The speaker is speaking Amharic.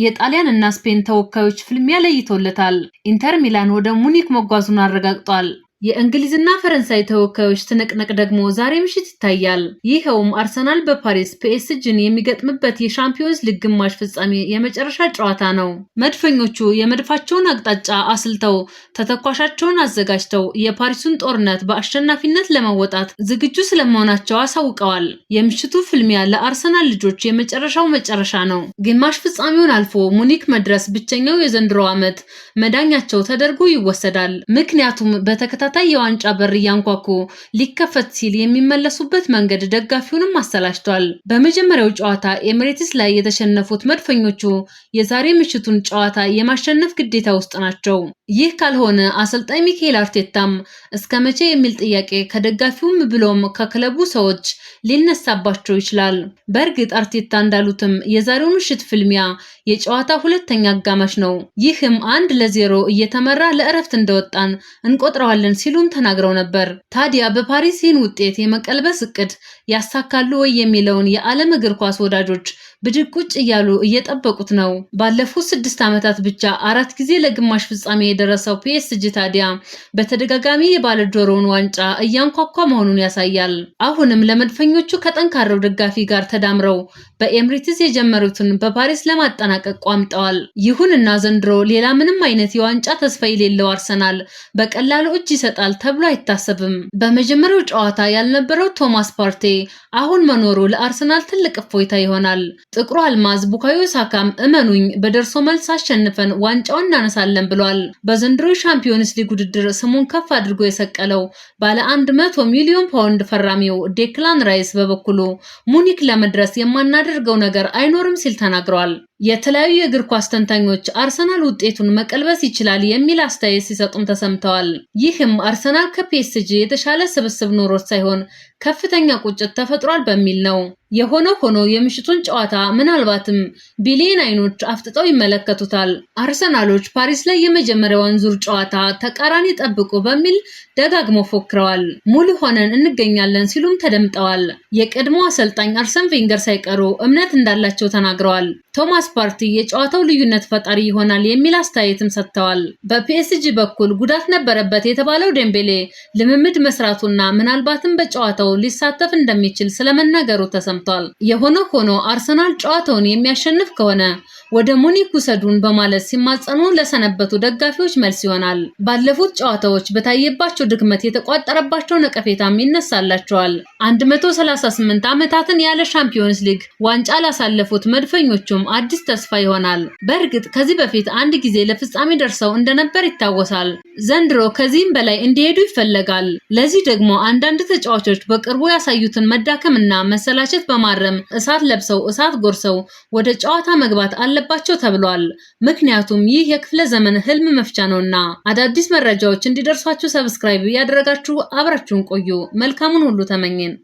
የጣሊያን እና ስፔን ተወካዮች ፍልሚያ ለይቶለታል። ኢንተር ሚላን ወደ ሙኒክ መጓዙን አረጋግጧል። የእንግሊዝና ፈረንሳይ ተወካዮች ትንቅንቅ ደግሞ ዛሬ ምሽት ይታያል። ይኸውም አርሰናል በፓሪስ ፒኤስጂን የሚገጥምበት የሻምፒዮንስ ሊግ ግማሽ ፍጻሜ የመጨረሻ ጨዋታ ነው። መድፈኞቹ የመድፋቸውን አቅጣጫ አስልተው ተተኳሻቸውን አዘጋጅተው የፓሪሱን ጦርነት በአሸናፊነት ለመወጣት ዝግጁ ስለመሆናቸው አሳውቀዋል። የምሽቱ ፍልሚያ ለአርሰናል ልጆች የመጨረሻው መጨረሻ ነው። ግማሽ ፍጻሜውን አልፎ ሙኒክ መድረስ ብቸኛው የዘንድሮ ዓመት መዳኛቸው ተደርጎ ይወሰዳል። ምክንያቱም በተከታ በርካታ የዋንጫ በር እያንኳኩ ሊከፈት ሲል የሚመለሱበት መንገድ ደጋፊውንም አሰላችቷል። በመጀመሪያው ጨዋታ ኤምሬትስ ላይ የተሸነፉት መድፈኞቹ የዛሬ ምሽቱን ጨዋታ የማሸነፍ ግዴታ ውስጥ ናቸው። ይህ ካልሆነ አሰልጣኝ ሚካኤል አርቴታም እስከ መቼ የሚል ጥያቄ ከደጋፊውም ብሎም ከክለቡ ሰዎች ሊነሳባቸው ይችላል። በእርግጥ አርቴታ እንዳሉትም የዛሬው ምሽት ፍልሚያ የጨዋታ ሁለተኛ አጋማሽ ነው። ይህም አንድ ለዜሮ እየተመራ ለእረፍት እንደወጣን እንቆጥረዋለን ሲሉም ተናግረው ነበር። ታዲያ በፓሪስ ይህን ውጤት የመቀልበስ እቅድ ያሳካሉ ወይ የሚለውን የዓለም እግር ኳስ ወዳጆች ብድግ ቁጭ እያሉ እየጠበቁት ነው። ባለፉት ስድስት ዓመታት ብቻ አራት ጊዜ ለግማሽ ፍጻሜ የደረሰው ፒኤስጂ ታዲያ በተደጋጋሚ የባለጆሮውን ዋንጫ እያንኳኳ መሆኑን ያሳያል። አሁንም ለመድፈኞቹ ከጠንካራው ደጋፊ ጋር ተዳምረው በኤምሪትስ የጀመሩትን በፓሪስ ለማጠናቀቅ ቋምጠዋል። ይሁንና ዘንድሮ ሌላ ምንም አይነት የዋንጫ ተስፋ የሌለው አርሰናል በቀላሉ እጅ ይሰጣል ተብሎ አይታሰብም። በመጀመሪያው ጨዋታ ያልነበረው ቶማስ ፓርቴ አሁን መኖሩ ለአርሰናል ትልቅ እፎይታ ይሆናል። ጥቁሩ አልማዝ ቡካዮ ሳካም እመኑኝ በደርሶ መልስ አሸንፈን ዋንጫውን እናነሳለን ብሏል። በዘንድሮ ሻምፒዮንስ ሊግ ውድድር ስሙን ከፍ አድርጎ የሰቀለው ባለ 100 ሚሊዮን ፓውንድ ፈራሚው ዴክላን ራይስ በበኩሉ ሙኒክ ለመድረስ የማናደርገው ነገር አይኖርም ሲል ተናግሯል። የተለያዩ የእግር ኳስ ተንታኞች አርሰናል ውጤቱን መቀልበስ ይችላል የሚል አስተያየት ሲሰጡም ተሰምተዋል። ይህም አርሰናል ከፒኤስጂ የተሻለ ስብስብ ኖሮት ሳይሆን ከፍተኛ ቁጭት ተፈጥሯል በሚል ነው። የሆነ ሆኖ የምሽቱን ጨዋታ ምናልባትም ቢሊየን አይኖች አፍጥጠው ይመለከቱታል። አርሰናሎች ፓሪስ ላይ የመጀመሪያውን ዙር ጨዋታ ተቃራኒ ጠብቁ በሚል ደጋግሞ ፎክረዋል። ሙሉ ሆነን እንገኛለን ሲሉም ተደምጠዋል። የቀድሞ አሰልጣኝ አርሰን ቬንገር ሳይቀሩ እምነት እንዳላቸው ተናግረዋል። ቶማስ ፓርቲ የጨዋታው ልዩነት ፈጣሪ ይሆናል የሚል አስተያየትም ሰጥተዋል። በፒኤስጂ በኩል ጉዳት ነበረበት የተባለው ደምቤሌ ልምምድ መስራቱና ምናልባትም በጨዋታው ሊሳተፍ እንደሚችል ስለመናገሩ ተሰማ ተሰምቷል። የሆነ ሆኖ አርሰናል ጨዋታውን የሚያሸንፍ ከሆነ ወደ ሙኒክ ውሰዱን በማለት ሲማጸኑ ለሰነበቱ ደጋፊዎች መልስ ይሆናል። ባለፉት ጨዋታዎች በታየባቸው ድክመት የተቋጠረባቸው ነቀፌታም ይነሳላቸዋል። 138 ዓመታትን ያለ ሻምፒዮንስ ሊግ ዋንጫ ላሳለፉት መድፈኞቹም አዲስ ተስፋ ይሆናል። በእርግጥ ከዚህ በፊት አንድ ጊዜ ለፍጻሜ ደርሰው እንደነበር ይታወሳል። ዘንድሮ ከዚህም በላይ እንዲሄዱ ይፈለጋል። ለዚህ ደግሞ አንዳንድ ተጫዋቾች በቅርቡ ያሳዩትን መዳከምና መሰላቸት በማረም እሳት ለብሰው እሳት ጎርሰው ወደ ጨዋታ መግባት አለባቸው ተብሏል። ምክንያቱም ይህ የክፍለ ዘመን ህልም መፍቻ ነውና። አዳዲስ መረጃዎች እንዲደርሷችሁ ሰብስክራይብ ያደረጋችሁ አብራችሁን ቆዩ። መልካሙን ሁሉ ተመኘን።